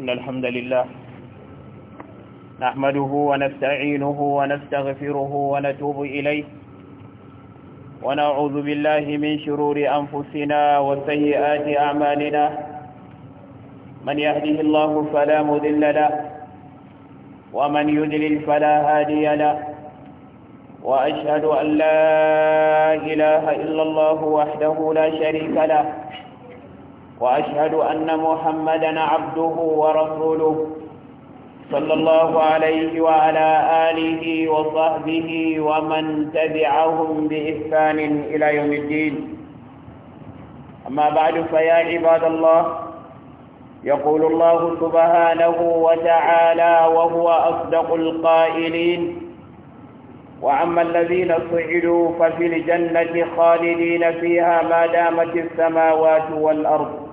إن الحمد لله نحمده ونستعينه ونستغفره ونتوب إليه ونعوذ بالله من شرور أنفسنا وسيئات أعمالنا من يهده الله فلا مذل له ومن يدلل فلا هادي له وأشهد أن لا إله إلا الله وحده لا شريك له وأشهد أن محمدا عبده ورسوله صلى الله عليه وعلى آله وصحبه ومن تبعهم بإحسان إلى يوم الدين أما بعد فيا عباد الله يقول الله سبحانه وتعالى وهو أصدق القائلين وأما الذين صعدوا ففي الجنة خالدين فيها ما دامت السماوات والأرض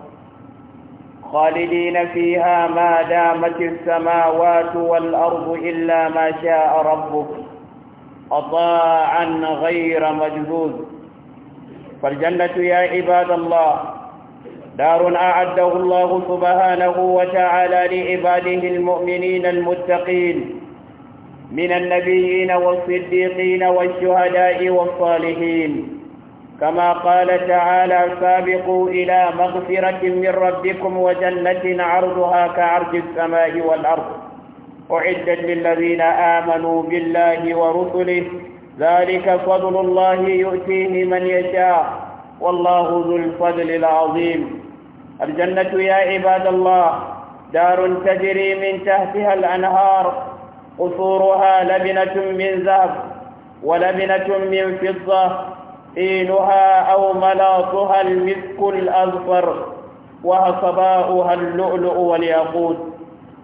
خالدين فيها ما دامت السماوات والأرض إلا ما شاء ربك أطاعا غير مجهوز فالجنة يا عباد الله دار أعده الله سبحانه وتعالى لعباده المؤمنين المتقين من النبيين والصديقين والشهداء والصالحين كما قال تعالى سابقوا إلى مغفرة من ربكم وجنة عرضها كعرض السماء والأرض أعدت للذين آمنوا بالله ورسله ذلك فضل الله يؤتيه من يشاء والله ذو الفضل العظيم الجنة يا عباد الله دار تجري من تحتها الأنهار قصورها لبنة من ذهب ولبنة من فضة إيلها أو ملاطها المسك الأظفر وصباؤها اللؤلؤ والياقوت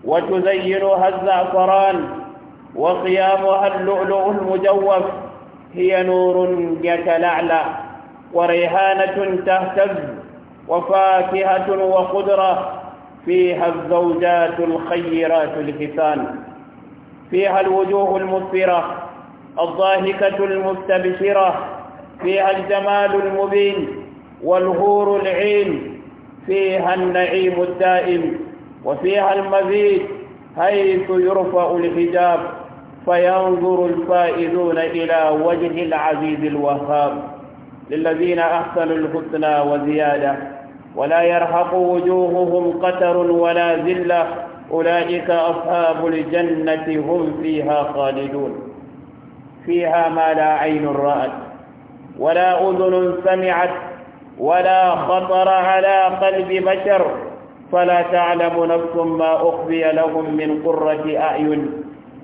وتزينها الزعفران وقيامها اللؤلؤ المجوف هي نور يتلعلع وريهانة تهتز وفاكهة وخضرة فيها الزوجات الخيرات الكسان فيها الوجوه المسفرة الضاحكة المستبشرة فيها الجمال المبين والغور العين فيها النعيم الدائم وفيها المزيد حيث يرفع الحجاب فينظر الفائزون إلى وجه العزيز الوهاب للذين أحسنوا الحسنى وزيادة ولا يرهق وجوههم قتر ولا ذلة أولئك أصحاب الجنة هم فيها خالدون فيها ما لا عين رأت ولا أذن سمعت ولا خطر على قلب بشر فلا تعلم نفس ما أخفي لهم من قرة أعين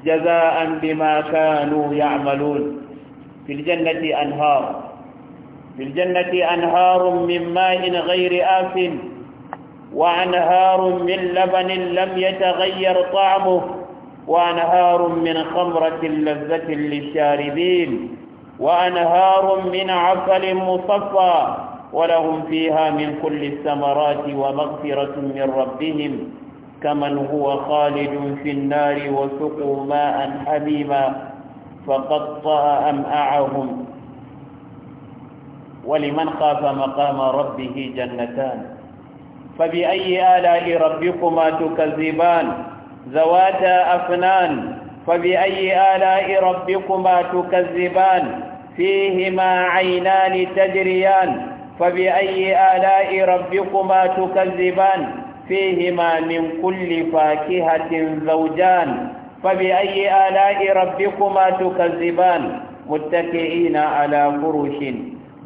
جزاء بما كانوا يعملون في الجنة أنهار في الجنة أنهار من ماء غير آف وأنهار من لبن لم يتغير طعمه وأنهار من خمرة لذة للشاربين وأنهار من عسل مصفى ولهم فيها من كل الثمرات ومغفرة من ربهم كمن هو خالد في النار وسقوا ماء حميما فقطع أمعهم ولمن خاف مقام ربه جنتان فبأي آلاء ربكما تكذبان ذواتا أفنان فبأي آلاء ربكما تكذبان فيهما عينان تجريان فبأي آلاء ربكما تكذبان فيهما من كل فاكهة زوجان فبأي آلاء ربكما تكذبان متكئين على فرش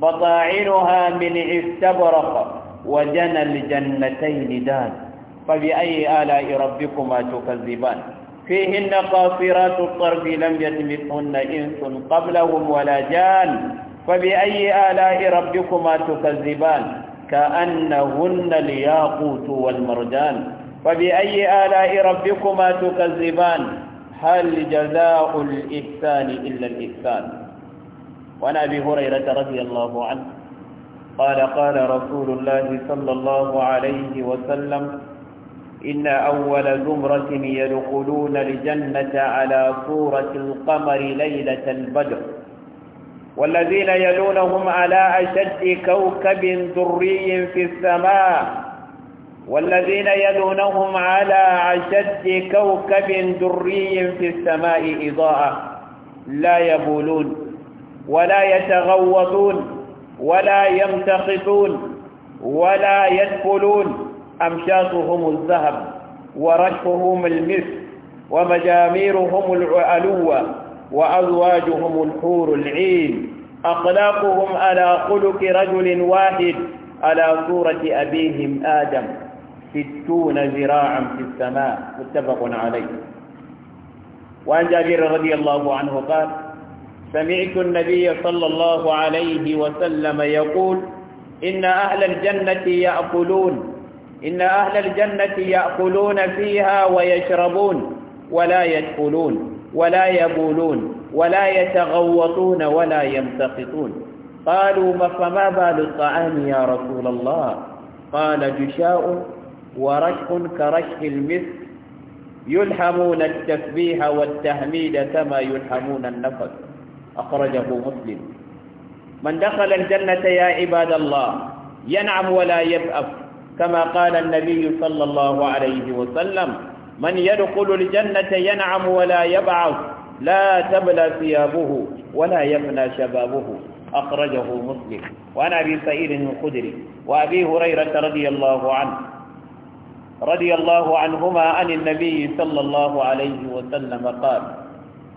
بطاعنها من استبرق وجنى الجنتين دان فبأي آلاء ربكما تكذبان فيهن قاصرات الطرف لم يتمثن إنس قبلهم ولا جان فبأي آلاء ربكما تكذبان كأنهن الياقوت والمرجان فبأي آلاء ربكما تكذبان هل جزاء الإحسان إلا الإحسان وعن أبي هريرة رضي الله عنه قال قال رسول الله صلى الله عليه وسلم إن أول زمرة يدخلون الجنة على صورة القمر ليلة البدر والذين يلونهم على أشد كوكب ذري في السماء والذين يلونهم على أشد كوكب ذري في السماء إضاءة لا يبولون ولا يتغوطون ولا يمتخطون ولا يدخلون أمشاطهم الذهب ورشفهم المسك ومجاميرهم العلوة وأزواجهم الحور العين أخلاقهم على خلق رجل واحد على صورة أبيهم آدم ستون ذراعا في السماء متفق عليه وعن جابر رضي الله عنه قال سمعت النبي صلى الله عليه وسلم يقول إن أهل الجنة يأكلون إن أهل الجنة يأكلون فيها ويشربون ولا يدخلون ولا يبولون ولا يتغوطون ولا يمتقطون قالوا فما بال الطعام يا رسول الله قال جشاء ورشح كرشح المسك يلحمون التسبيح والتهميد كما يلحمون النفس أخرجه مسلم من دخل الجنة يا عباد الله ينعم ولا يبأف كما قال النبي صلى الله عليه وسلم من يدخل الجنة ينعم ولا يبعث لا تبلى ثيابه ولا يفنى شبابه أخرجه مسلم وعن أبي سعيد الخدري وأبي هريرة رضي الله عنه رضي الله عنهما عن النبي صلى الله عليه وسلم قال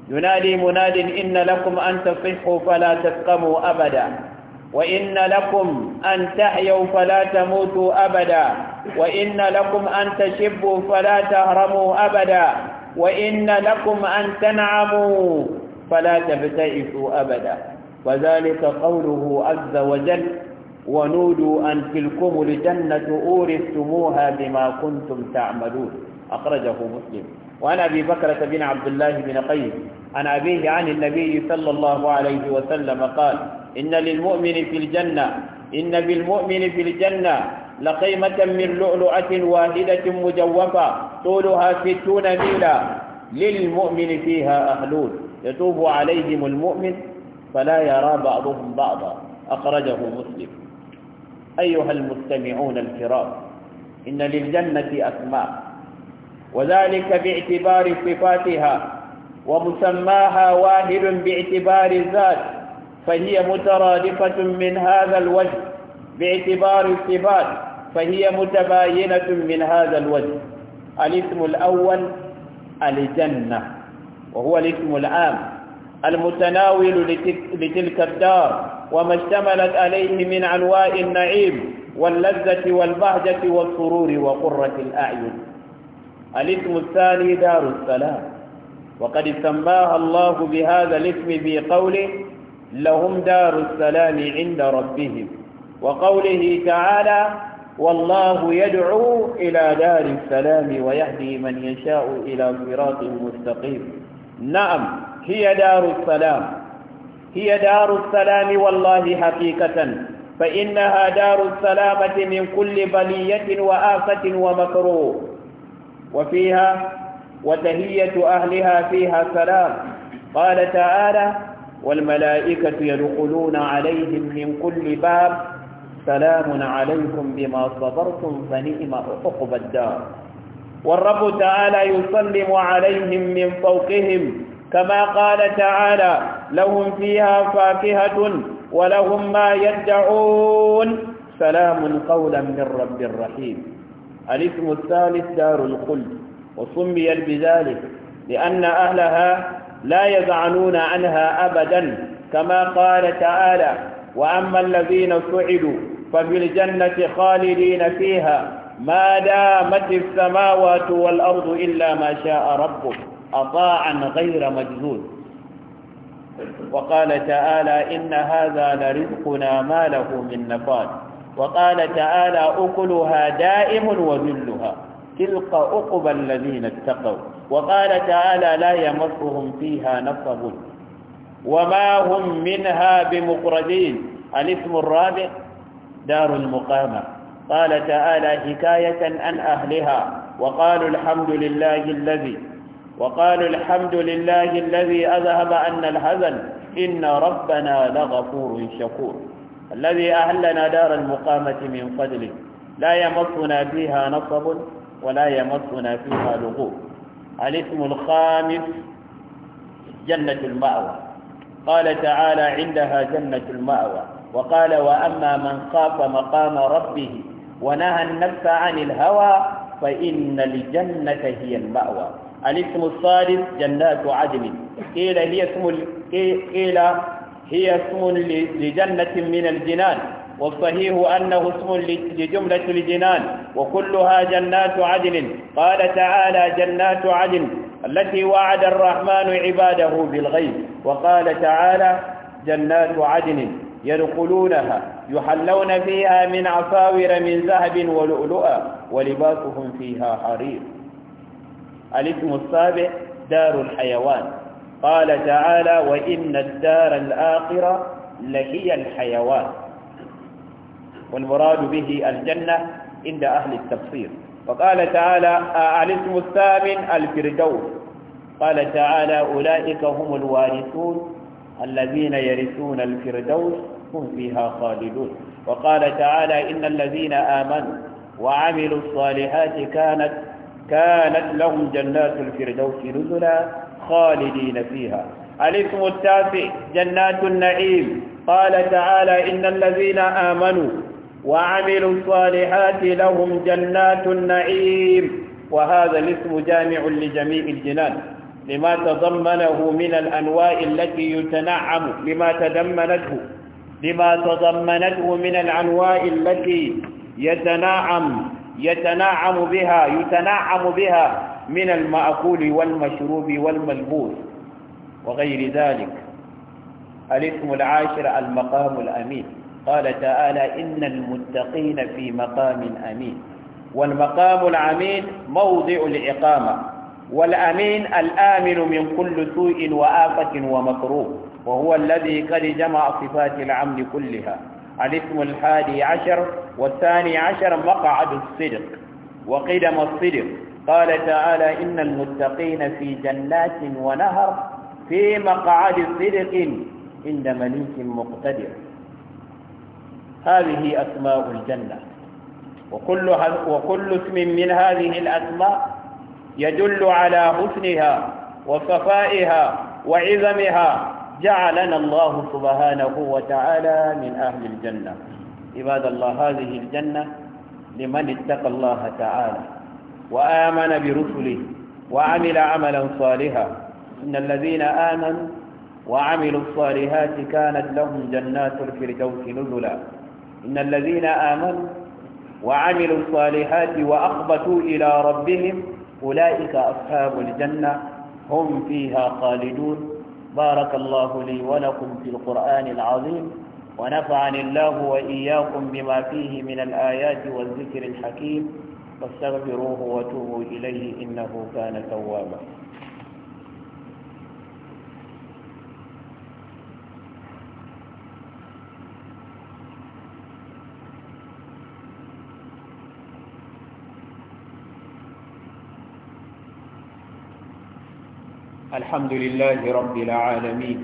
ينادي مناد إن لكم أن تصحوا فلا تسقموا أبدا وإن لكم أن تحيوا فلا تموتوا أبدا وإن لكم أن تشبوا فلا تهرموا أبدا وإن لكم أن تنعموا فلا تبتئسوا أبدا وذلك قوله عز وجل ونودوا أن تلكم الجنة أورثتموها بما كنتم تعملون أخرجه مسلم وعن أبي بكرة بن عبد الله بن قيس عن أبيه عن النبي صلى الله عليه وسلم قال إن للمؤمن في الجنة إن بالمؤمن في الجنة لقيمة من لؤلؤة واحدة مجوفة طولها ستون ميلا للمؤمن فيها أهلون يتوب عليهم المؤمن فلا يرى بعضهم بعضا أخرجه مسلم أيها المستمعون الكرام إن للجنة أسماء وذلك باعتبار صفاتها ومسماها واهل باعتبار الذات فهي مترادفة من هذا الوجه باعتبار الصفات فهي متباينة من هذا الوجه الاسم الأول الجنة وهو الاسم العام المتناول لتلك الدار وما اشتملت عليه من أنواع النعيم واللذة والبهجة والسرور وقرة الأعين الاسم الثاني دار السلام وقد سماها الله بهذا الاسم في قوله لهم دار السلام عند ربهم وقوله تعالى والله يدعو إلى دار السلام ويهدي من يشاء إلى صراط مستقيم نعم هي دار السلام هي دار السلام والله حقيقة فإنها دار السلامة من كل بلية وآفة ومكروه وفيها وتهية أهلها فيها سلام قال تعالى والملائكة يدخلون عليهم من كل باب سلام عليكم بما صبرتم فنئم عقبى الدار والرب تعالى يسلم عليهم من فوقهم كما قال تعالى لهم فيها فاكهة ولهم ما يدعون سلام قولا من رب رحيم الاسم الثالث دار الخلد وسميت بذلك لأن أهلها لا يزعنون عنها أبدا كما قال تعالى وأما الذين سعدوا ففي الجنة خالدين فيها ما دامت السماوات والأرض إلا ما شاء ربك أطاعا غير مجزود وقال تعالى إن هذا لرزقنا ما له من نفاد وقال تعالى أكلها دائم وذلها تلقى أقبى الذين اتقوا وقال تعالى لا يمسهم فيها نصب وما هم منها بمقردين الاسم الرابع دار المقامة قال تعالى حكاية عن أهلها وقالوا الحمد لله الذي وقالوا الحمد لله الذي أذهب عنا الحزن إن ربنا لغفور شكور الذي أهلنا دار المقامة من فضله لا يمسنا فيها نصب ولا يمسنا فيها لغوب الاسم الخامس جنة المأوى قال تعالى عندها جنة المأوى وقال وأما من خاف مقام ربه ونهى النفس عن الهوى فإن الجنة هي المأوى الاسم الثالث جنات عدن قيل هي اسم قيل هي اسم لجنة من الجنان والصحيح أنه اسم لجملة الجنان وكلها جنات عدن قال تعالى جنات عدن التي وعد الرحمن عباده بالغيب وقال تعالى جنات عدن يدخلونها يحلون فيها من عصاور من ذهب ولؤلؤا ولباسهم فيها حرير الاسم السابع دار الحيوان قال تعالى وإن الدار الآخرة لهي الحيوان والمراد به الجنة عند أهل التفسير وقال تعالى الاسم الثامن الفردوس قال تعالى أولئك هم الوارثون الذين يرثون الفردوس هم فيها خالدون وقال تعالى إن الذين آمنوا وعملوا الصالحات كانت كانت لهم جنات الفردوس نزلا خالدين فيها الاسم التاسع جنات النعيم قال تعالى إن الذين آمنوا وعملوا الصالحات لهم جنات النعيم وهذا الاسم جامع لجميع الجنان لما تضمنه من الأنواع التي يتنعم لما تضمنته لما تضمنته من الأنواع التي يتنعم يتنعم بها يتنعم بها من المأكول والمشروب والملبوس وغير ذلك الاسم العاشر المقام الأمين قال تعالى إن المتقين في مقام أمين والمقام العمين موضع الإقامة والأمين الآمن من كل سوء وآفة ومكروه وهو الذي قد جمع صفات العمل كلها الاسم الحادي عشر والثاني عشر مقعد الصدق وقدم الصدق قال تعالى إن المتقين في جنات ونهر في مقعد صدق عند مليك مقتدر هذه أسماء الجنة وكل, وكل اسم من هذه الأسماء يدل على حسنها وصفائها وعظمها جعلنا الله سبحانه وتعالى من أهل الجنة عباد الله هذه الجنة لمن اتقى الله تعالى وآمن برسله وعمل عملا صالحا إن الذين آمنوا وعملوا الصالحات كانت لهم جنات الفردوس نزلا إن الذين آمنوا وعملوا الصالحات وأخبتوا إلى ربهم أولئك أصحاب الجنة هم فيها خالدون بارك الله لي ولكم في القرآن العظيم ونفعني الله وإياكم بما فيه من الآيات والذكر الحكيم فاستغفروه وتوبوا إليه إنه كان توابا الحمد لله رب العالمين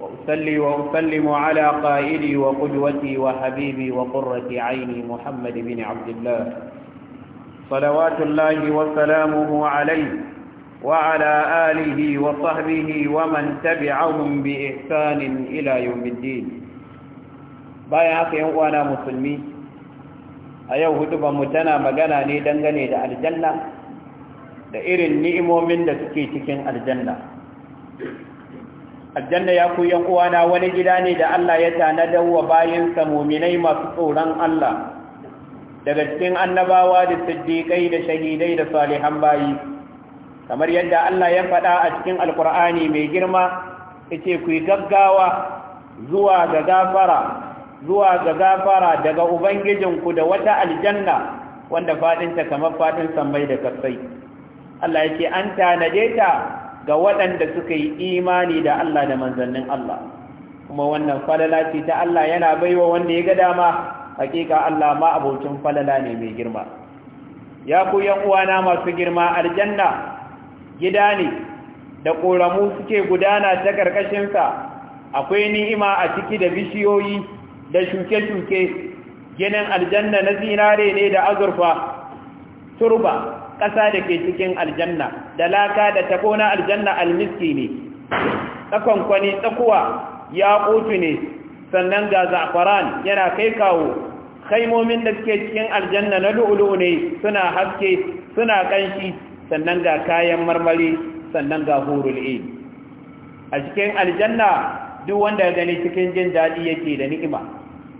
وأسلي وأسلم على قائدي وقدوتي وحبيبي وقرة عيني محمد بن عبد الله صلوات الله وسلامه عليه وعلى آله وصحبه ومن تبعهم بإحسان إلى يوم الدين بايعك أخي مسلمين a yau hudu ba mu tana magana ne da irin ni'imomin da suke cikin aljanna aljanna ya ku yan uwana wani gida ne da Allah ya tanada wa bayin sa mu'minai masu tsoron Allah daga cikin annabawa da siddiqai da shahidai da salihan bayi kamar yadda Allah ya faɗa a cikin alkur'ani mai girma yace ku gaggawa zuwa ga gafara zuwa ga gafara daga ubangijinku da wata aljanna wanda fadinta kamar fadin sammai da kasai Allah yake an tanaje ta ga waɗanda suka yi imani da Allah da manzannin Allah kuma wannan falala ce ta Allah yana baiwa wanda ya ga dama hakika Allah ma abocin falala ne mai girma ya ku yan uwana masu girma aljanna gida ne da ƙoramu suke gudana ta ƙarƙashinsa akwai ni'ima a ciki da bishiyoyi da shuke-shuke ginin aljanna na zinare ne da azurfa turba ƙasa da ke cikin aljanna da laka da tako na aljanna almiski ne tsakonkwani tsakuwa ya ƙutu ne sannan ga za'faran yana kai kawo kaimomin da suke cikin aljanna na lu'ulu ne suna haske suna ƙanshi sannan ga kayan marmari sannan ga hurul a cikin aljanna duk wanda gani cikin jin daɗi yake da ni'ima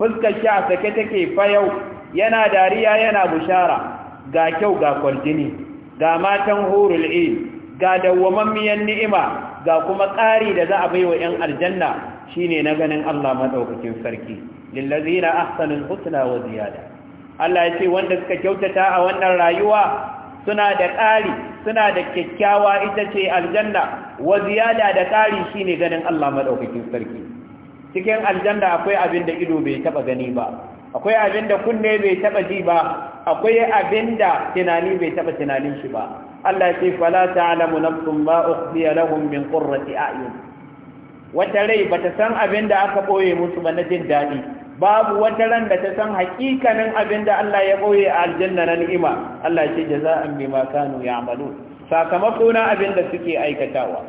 fuskar shi a sake take fayau yana dariya yana bushara ga kyau ga kwarjini ga matan hurul il ga miyan ni'ima ga kuma ƙari da za a bai wa 'yan aljanna shine na ganin Allah maɗaukakin sarki lillazina ahsanul husna wa ziyada Allah ya ce wanda suka kyautata a wannan rayuwa suna da ƙari suna da kyakkyawa ita ce aljanna wa ziyada da ƙari shine ganin Allah maɗaukakin sarki cikin aljanna akwai abin da ido bai taɓa gani ba akwai abin da kunne bai taba ji ba akwai abin da tunani bai taba tunanin shi ba Allah ya ce fala ta'lamu nafsun ma ukhfiya lahum min qurrati a'yun wata rai bata san abin da aka boye musu ba na jin dadi babu wata ran da ta san hakikanin abin da Allah ya boye a aljanna na ni'ima Allah ya ce jaza'an bima kanu ya'malun sakamako na abin da suke aikatawa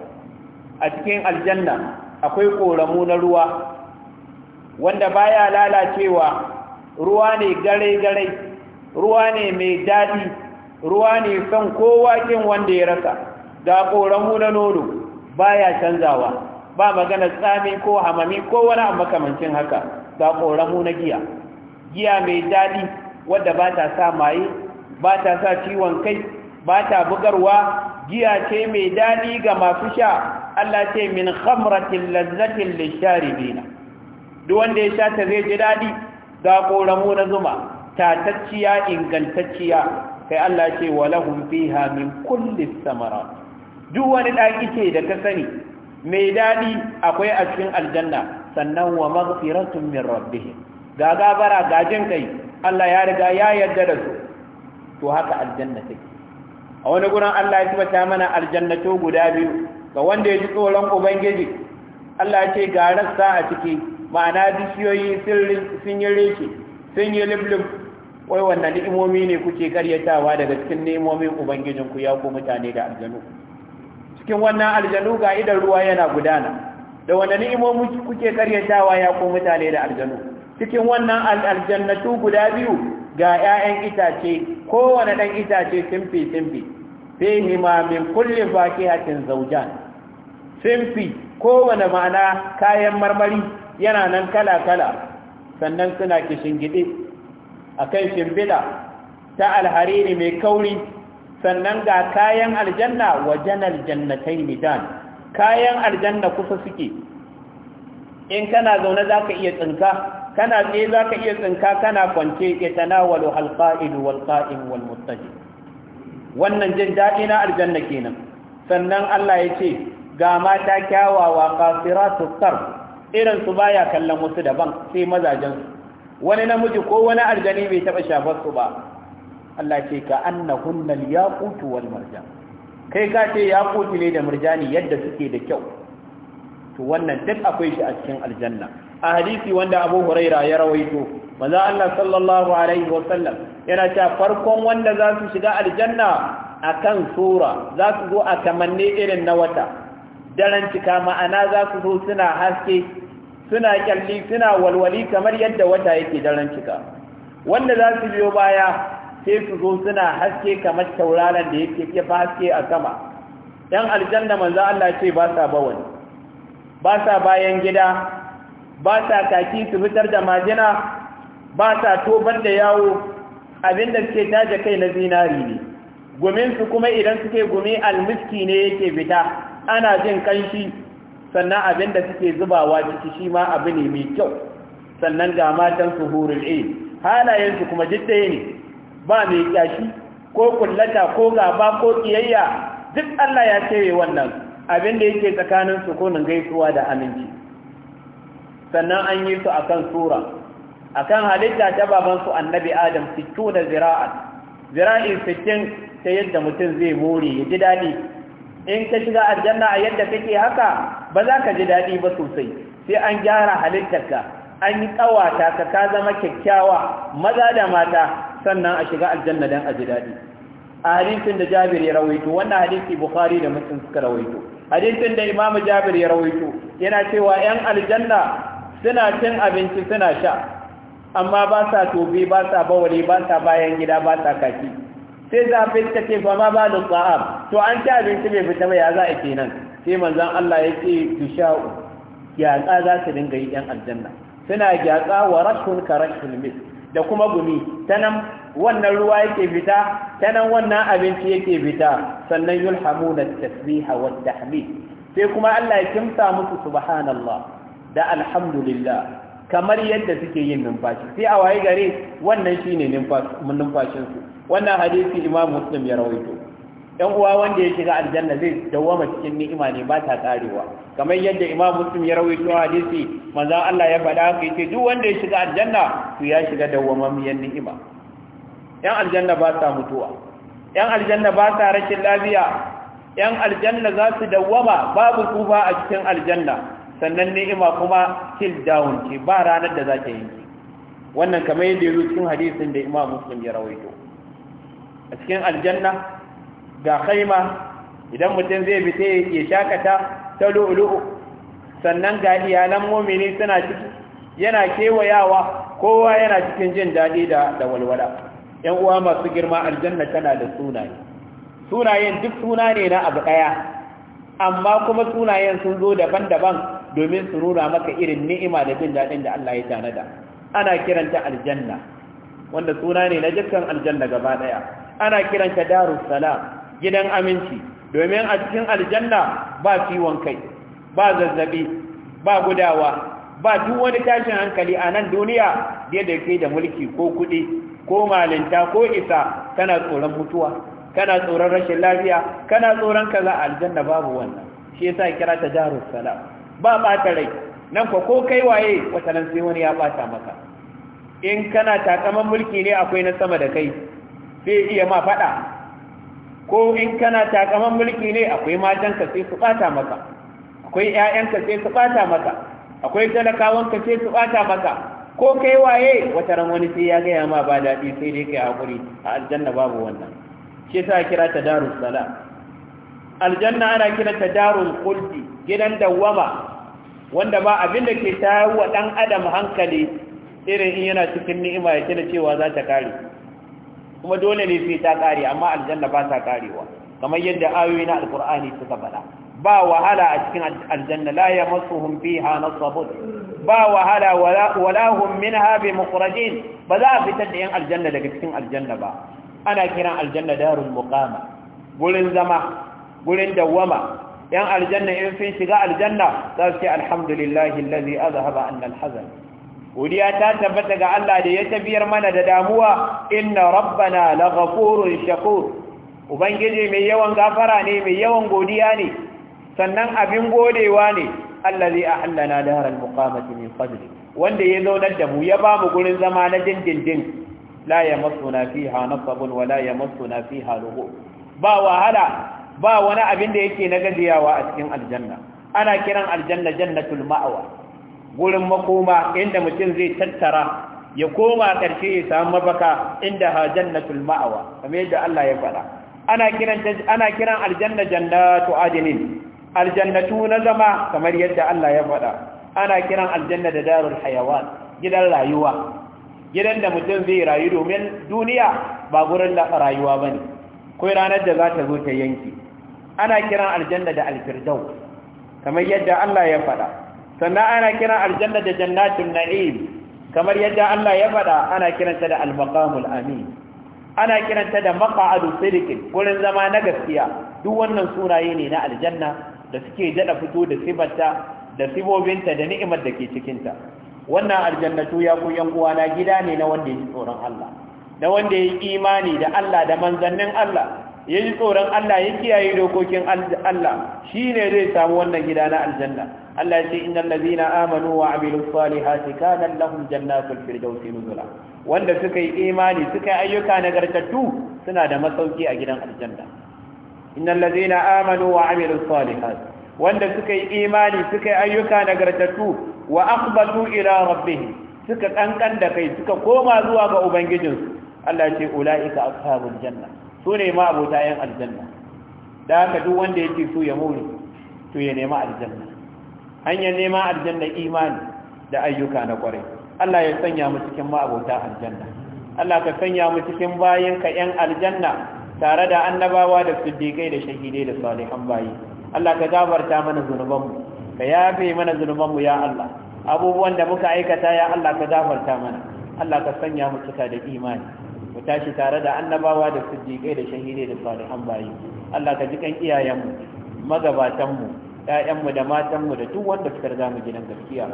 a cikin aljanna akwai koramu na ruwa wanda baya lalacewa ruwa ne gare-gare ruwa ne mai daɗi ruwa ne son kowa kin wanda ya rasa ga ƙoramu na nono baya canzawa ba magana tsami ko hamami ko wani abu makamancin haka ga ƙoramu na giya giya mai daɗi wadda ba ta sa maye ba ta sa ciwon kai ba ta bugarwa giya ce mai daɗi ga masu sha Allah ce min khamratin lazzatin lisharibina duk wanda ya sha ta zai ji daɗi ko ramu na zuma tatacciya ingantacciya kai Allah ce walahum fiha min kulli samara duk wani ɗaki ce da ka sani mai daɗi akwai a cikin aljanna sannan wa maghfiratun min rabbihim ga gabara ga jin kai Allah ya riga ya yarda da su to haka aljanna take a wani gurin Allah ya tibata mana aljannatu guda biyu ga wanda ya ji tsoron ubangiji Allah ya ce ga rassa a ciki ma'ana bishiyoyi sun yi reke sun yi liblib wai wannan ni'imomi ne kuke karyatawa daga cikin ni'imomin ubangijinku ya ku mutane da aljanu cikin wannan aljanu ga idan ruwa yana gudana da wannan ni'imomi kuke karyatawa ya ku mutane da aljanu cikin wannan aljannatu guda biyu ga 'ya'yan itace kowane 'dan itace simfi simfi kulle min baki hatin zaujan simfi kowane ma'ana kayan marmari yana nan kala-kala sannan suna kishin gidi a kan shimbiɗa ta alhariri mai kauri sannan ga kayan aljanna wajen aljannatai nidan kayan aljanna kusa suke in kana zaune za ka iya tsinka kana tsaye za ka iya tsinka kana kwance ya tana walo wal qa'im walmustaji wannan jin daɗi na aljanna kenan sannan Allah ya ce ga mata kyawawa su tarf irin su baya kallon wasu daban sai mazajen wani namiji ko wani aljani bai taba shafar su ba Allah ce ka annahunnal yaqut wal marjan kai ka ce yaqut ne da murjani yadda suke da kyau to wannan duk akwai shi a cikin aljanna a hadisi wanda Abu Huraira ya rawaito manzo Allah sallallahu alaihi wa sallam. yana cewa farkon wanda za su shiga aljanna akan sura za su zo a kamanni irin na wata daren cika ma'ana za su zo suna haske suna kyalli suna walwali kamar yadda wata yake daren cika wanda za su biyo baya sai su zo suna haske kamar tauraron da yake kifa haske a sama yan aljanna manzo Allah ce ba sa bawani ba sa bayan gida ba sa kaki su fitar da majina ba sa tobar da yawo abin da suke taje kai na zinari ne gumin su kuma idan suke gumi almiski ne yake fita ana jin kanshi sannan abin da suke zubawa ciki shi ma abu ne mai kyau sannan ga matan su hurul halayensu kuma duk ne ba mai kyashi ko kullata ko gaba ko kiyayya duk Allah ya ce wannan abin da yake tsakanin sukunin gaisuwa da aminci sannan an yi su akan sura akan halitta ta baban su annabi adam fito da zira'a zira'in fitin ta yadda mutum zai more ya ji daɗi in ka shiga aljanna a yadda kake haka ba za ka ji daɗi ba sosai sai an gyara halittarka an yi ƙawata ka ka zama kyakkyawa maza da mata sannan a shiga aljanna dan a ji daɗi a hadisin da jabir ya rawaito wannan hadisi bukhari da muslim suka rawaito hadisin da imamu jabir ya rawaito yana cewa yan aljanna suna cin abinci suna sha amma ba sa tobe ba sa bawale ba sa bayan gida ba sa kaki sai zafin ta ce fama ba da tsa'am to an ci abinci bai fita ba ya za a kenan sai manzan Allah ya ce sha'u. gyatsa za su dinga yi yan aljanna suna gyatsa wa rashin ka mis da kuma gumi ta nan wannan ruwa yake fita ta nan wannan abinci yake fita sannan Hamuna, tasbiha wa tahmid sai kuma Allah ya kimta musu subhanallah da alhamdulillah kamar yadda suke yin numfashi sai a waye gare wannan shine numfashin su wannan hadisi imam muslim ya rawaito ɗan uwa wanda ya shiga aljanna zai dawwama cikin ni'ima ne ba ta karewa kamar yadda imam muslim ya rawaito hadisi manzon Allah ya faɗa kai ce duk wanda ya shiga aljanna to ya shiga dawwamamiyar ni'ima Ƴan aljanna ba sa mutuwa Ƴan aljanna ba sa rashin lafiya yan aljanna za su dawwama babu tsufa a cikin aljanna sannan ni'ima kuma till down ce ba ranar da za ta yanke. wannan kamar yadda ya zo cikin hadisin da imam muslim ya rawaito a cikin aljanna ga kaima idan mutum zai fita ya shakata ta lu'lu'u sannan ga iyalan mumini suna ciki yana kewayawa kowa yana cikin jin daɗi da da walwala yan uwa masu girma aljanna tana da sunaye sunayen duk suna ne na abu ɗaya amma kuma sunayen sun zo daban-daban domin su rura maka irin ni'ima da jin daɗin da Allah ya da. ana kiranta aljanna wanda suna ne na dukkan aljanna gaba ɗaya ana kiranta darus salam gidan aminci domin a cikin aljanna ba ciwon kai ba zazzabi ba gudawa ba duk wani tashin hankali a nan duniya da da ke da mulki ko kuɗi ko malinta ko isa kana tsoron mutuwa kana tsoron rashin lafiya kana tsoron kaza aljanna babu wannan shi yasa kira ta darus salam ba ɓata rai nan ko ko kai waye wata nan sai wani ya bata maka in kana takaman mulki ne akwai na sama da kai sai iya ma faɗa ko in kana takaman mulki ne akwai matanka sai su ɓata maka akwai ‘ya'yanka sai su ɓata maka akwai talakawanka sai su ɓata maka ko kai waye wata ran wani sai ya gaya ma ba daɗi sai dai kai haƙuri a aljanna babu wannan shi sa kira ta darus sala aljanna ana kira ta darul kulti gidan dawwama wanda ba abin da ke tayar wa ɗan adam hankali irin in yana cikin ni'ima ya kira cewa za ta kare kuma dole ne sai ta kare amma aljanna ba ta karewa kamar yadda ayoyi na alkur'ani suka faɗa ba wahala a cikin aljanna la yamassuhum fiha nasabun ba wahala wala hum minha bi mukhrajin ba za a fitar da yan aljanna daga cikin aljanna ba ana kiran aljanna darul muqama gurin zama gurin dawama yan aljanna in sun shiga aljanna za su ce alhamdulillahi allazi azhaba anna alhazan godiya ta tabbata ga Allah da ya tafiyar mana da damuwa inna rabbana laghafurun shakur ubangiji mai yawan gafara ne mai yawan godiya ne sannan abin godewa ne allazi ahallana daral muqamati min fadli wanda ya zaunar da mu ya ba mu gurin zama na dindindin la yamassuna fiha nasabun wa la yamassuna fiha lughub ba wahala ba wani abin da yake na gajiyawa a cikin aljanna ana kiran aljanna jannatul ma'wa gurin makoma inda mutum zai tattara ya koma ƙarshe ya samu mafaka inda ha jannatul ma'awa kamar yadda Allah ya faɗa ana kiran ana kiran aljanna jannatu adinin aljannatu na zama kamar yadda Allah ya faɗa ana kiran aljanna da darul hayawan gidan rayuwa gidan da mutum zai rayu domin duniya ba gurin da rayuwa bane kai ranar da za ta zo ta yanki ana kiran aljanna da alfirdau kamar yadda Allah ya faɗa sannan ana kiran aljanna da jannatin na'im kamar yadda Allah ya faɗa ana kiranta da al-maqamul amin ana kiranta da maq'adu sidiq gurin zama na gaskiya duk wannan sunaye ne na aljanna da suke jada fito da sifarta da sibobinta da ni'imar da ke cikin ta wannan aljannatu ya ku yan na gida ne na wanda yake tsoron Allah da wanda yake imani da Allah da manzannin Allah yayi tsoron Allah ya kiyaye dokokin Allah shine zai samu wannan gida na aljanna Allah ya ce innal ladina amanu wa amilus salihati kana lahum jannatul firdausi nuzula wanda suka yi imani suka yi ayyuka nagartattu suna da masauki a gidan aljanna innal ladina amanu wa amilus salihati wanda suka yi imani suka yi ayyuka nagartattu wa akhbatu ila rabbihim suka kankan da kai suka koma zuwa ga ubangijinsu Allah ya ce ulaika ashabul janna sune ma abota yan aljanna da haka duk wanda yake so ya more to ya nemi aljanna hanyar nema aljanna imani da ayyuka na kwarai Allah ya sanya mu cikin ma'abota aljanna Allah ka sanya mu cikin bayinka yan aljanna tare da annabawa da siddiqai da shahidai da salihan bayi Allah ka gafarta mana zunubanmu ka yafe mana zunubanmu ya Allah abubuwan da muka aikata ya Allah ka gafarta mana Allah ka sanya mu cika da imani mu tashi tare da annabawa da siddiqai da shahidai da salihan bayi Allah ka ji kan iyayenmu magabatanmu ƴaƴanmu da matanmu da duk wanda suka riga mu gidan gaskiya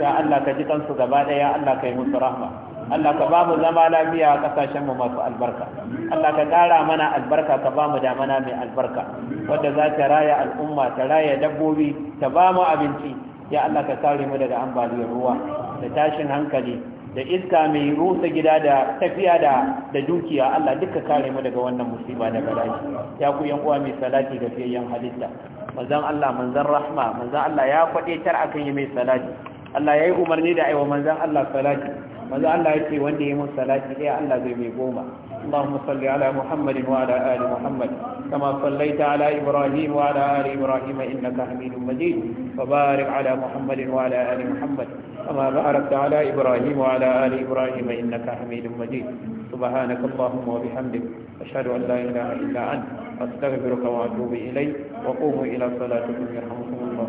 ya Allah ka ji kansu gaba ɗaya. Allah ka yi musu rahma Allah ka ba mu zama lafiya a kasashen mu masu albarka Allah ka ƙara mana albarka ka ba mu damana mai albarka wadda za ta raya al'umma ta raya dabbobi ta ba mu abinci ya Allah ka kare mu daga ambaliyar ruwa da tashin hankali da iska mai rusa gida da tafiya da da dukiya Allah duka kare mu daga wannan musiba da bala'i ya ku yan uwa mai salati ga fiyayyen halitta manzon Allah manzon rahma manzon Allah ya kwade tar akan yi mai salati Allah yayi umarni da aiwa manzon Allah salati manzo Allah yake wanda ya musu salati sai Allah zai bai goma Allahumma salli ala Muhammad wa ala ali Muhammad kama sallaita ala Ibrahim wa ali Ibrahim innaka Hamidum Majid wa barik ala Muhammad wa ali Muhammad kama barakta ala Ibrahim wa ali Ibrahim innaka Hamidum Majid subhanaka Allahumma wa bihamdik ashhadu an la ilaha illa anta astaghfiruka wa atubu ilayk wa qumu ila salatikum yarhamukum Allah